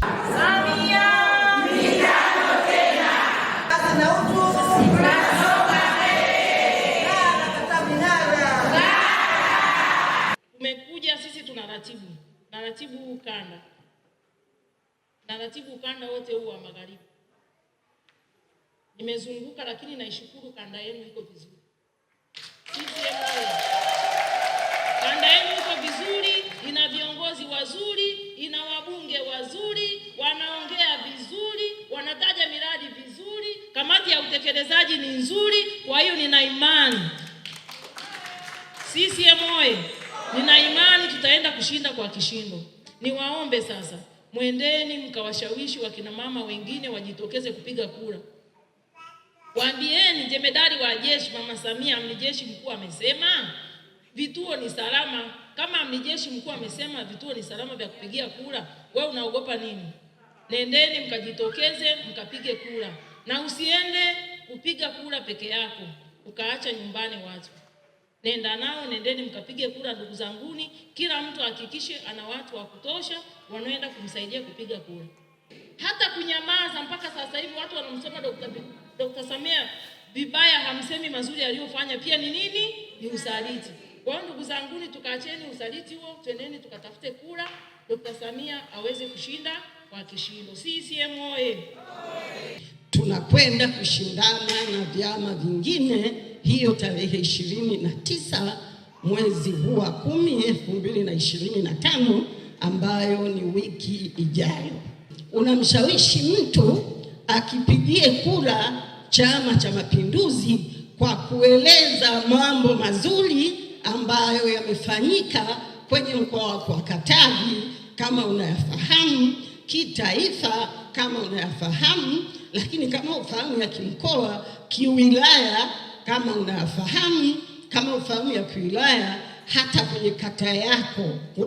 Samia mitano tena, basi na huku tunasonga mbele, kata minara. Umekuja, sisi tunaratibu naratibu huu ukanda, naratibu ukanda wote huu wa magharibi. Nimezunguka, lakini naishukuru kanda yenu iko vizuri kanda yenu iko vizuri, ina viongozi wazuri utekelezaji ni nzuri. Kwa hiyo nina imani CCM oye, nina imani tutaenda kushinda kwa kishindo. Niwaombe sasa, mwendeni mkawashawishi wakina mama wengine wajitokeze kupiga kura. Waambieni jemedari wa jeshi Mama Samia, amri jeshi mkuu amesema vituo ni salama. Kama amri jeshi mkuu amesema vituo ni salama vya kupigia kura, wewe unaogopa nini? Nendeni mkajitokeze mkapige kura na usiende kupiga kura peke yako ukaacha nyumbani watu. Nenda nao, nendeni mkapige kura ndugu zanguni. Kila mtu ahakikishe ana watu wa kutosha wanaoenda kumsaidia kupiga kura. Hata kunyamaza, mpaka sasa hivi watu wanamsema Dkt. Samia vibaya, hamsemi mazuri aliyofanya, pia ni nini? Ni usaliti. Kwa hiyo ndugu zanguni, tukaacheni usaliti huo, twendeni tukatafute kura Dkt. Samia aweze kushinda kwa kishindo. CCM oye! tunakwenda kushindana na vyama vingine hiyo tarehe ishirini na tisa mwezi huu wa kumi elfu mbili na ishirini na tano ambayo ni wiki ijayo. Unamshawishi mtu akipigie kura Chama cha Mapinduzi kwa kueleza mambo mazuri ambayo yamefanyika kwenye mkoa wako wa Katavi, kama unayafahamu kitaifa kama unayafahamu, lakini kama ufahamu ya kimkoa, kiwilaya kama unayafahamu, kama ufahamu ya kiwilaya, hata kwenye kata yako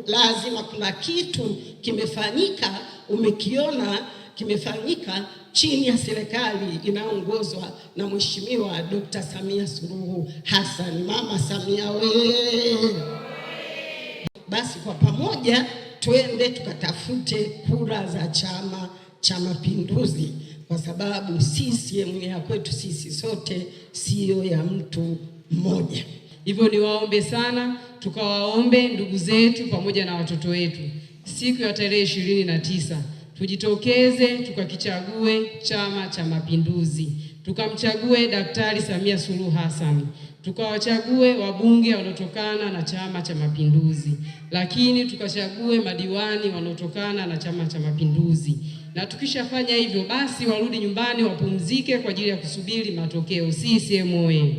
lazima kuna kitu kimefanyika, umekiona kimefanyika chini ya serikali inayoongozwa na Mheshimiwa Dkt. Samia Suluhu Hassan. Mama Samia wee. Basi kwa pamoja twende tukatafute kura za Chama cha Mapinduzi, kwa sababu CCM ya kwetu sisi sote, siyo ya mtu mmoja. Hivyo niwaombe sana, tukawaombe ndugu zetu pamoja na watoto wetu siku ya tarehe ishirini na tisa tujitokeze tukakichague Chama cha Mapinduzi tukamchague Daktari Samia Suluhu Hassan, tukawachague wabunge wanaotokana na Chama cha Mapinduzi, lakini tukachague madiwani wanaotokana na Chama cha Mapinduzi. Na tukishafanya hivyo, basi warudi nyumbani wapumzike kwa ajili ya kusubiri matokeo. CCM oyee!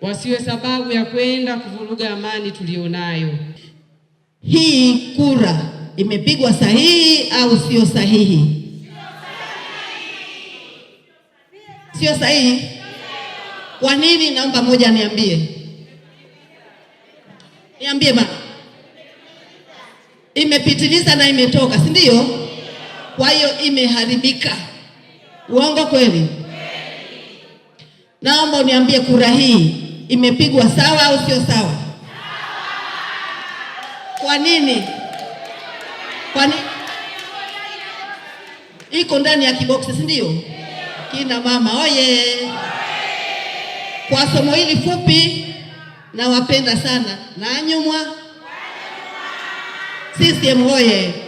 Wasiwe sababu ya kwenda kuvuruga amani tuliyonayo. Hii kura imepigwa sahihi au sio sahihi? sio sahihi. Kwa nini? Naomba moja niambie, niambie bana. Imepitiliza na imetoka, si ndio? Kwa hiyo imeharibika. Uongo kweli? Naomba uniambie, kura hii imepigwa sawa au sio sawa? Kwa nini? Kwa nini? Iko ndani ya kiboksi, si ndio? Kina mama oye! Kwa somo hili fupi, nawapenda sana. Nanyumwa CCM oye!